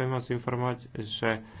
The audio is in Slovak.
chcem vás informovať, že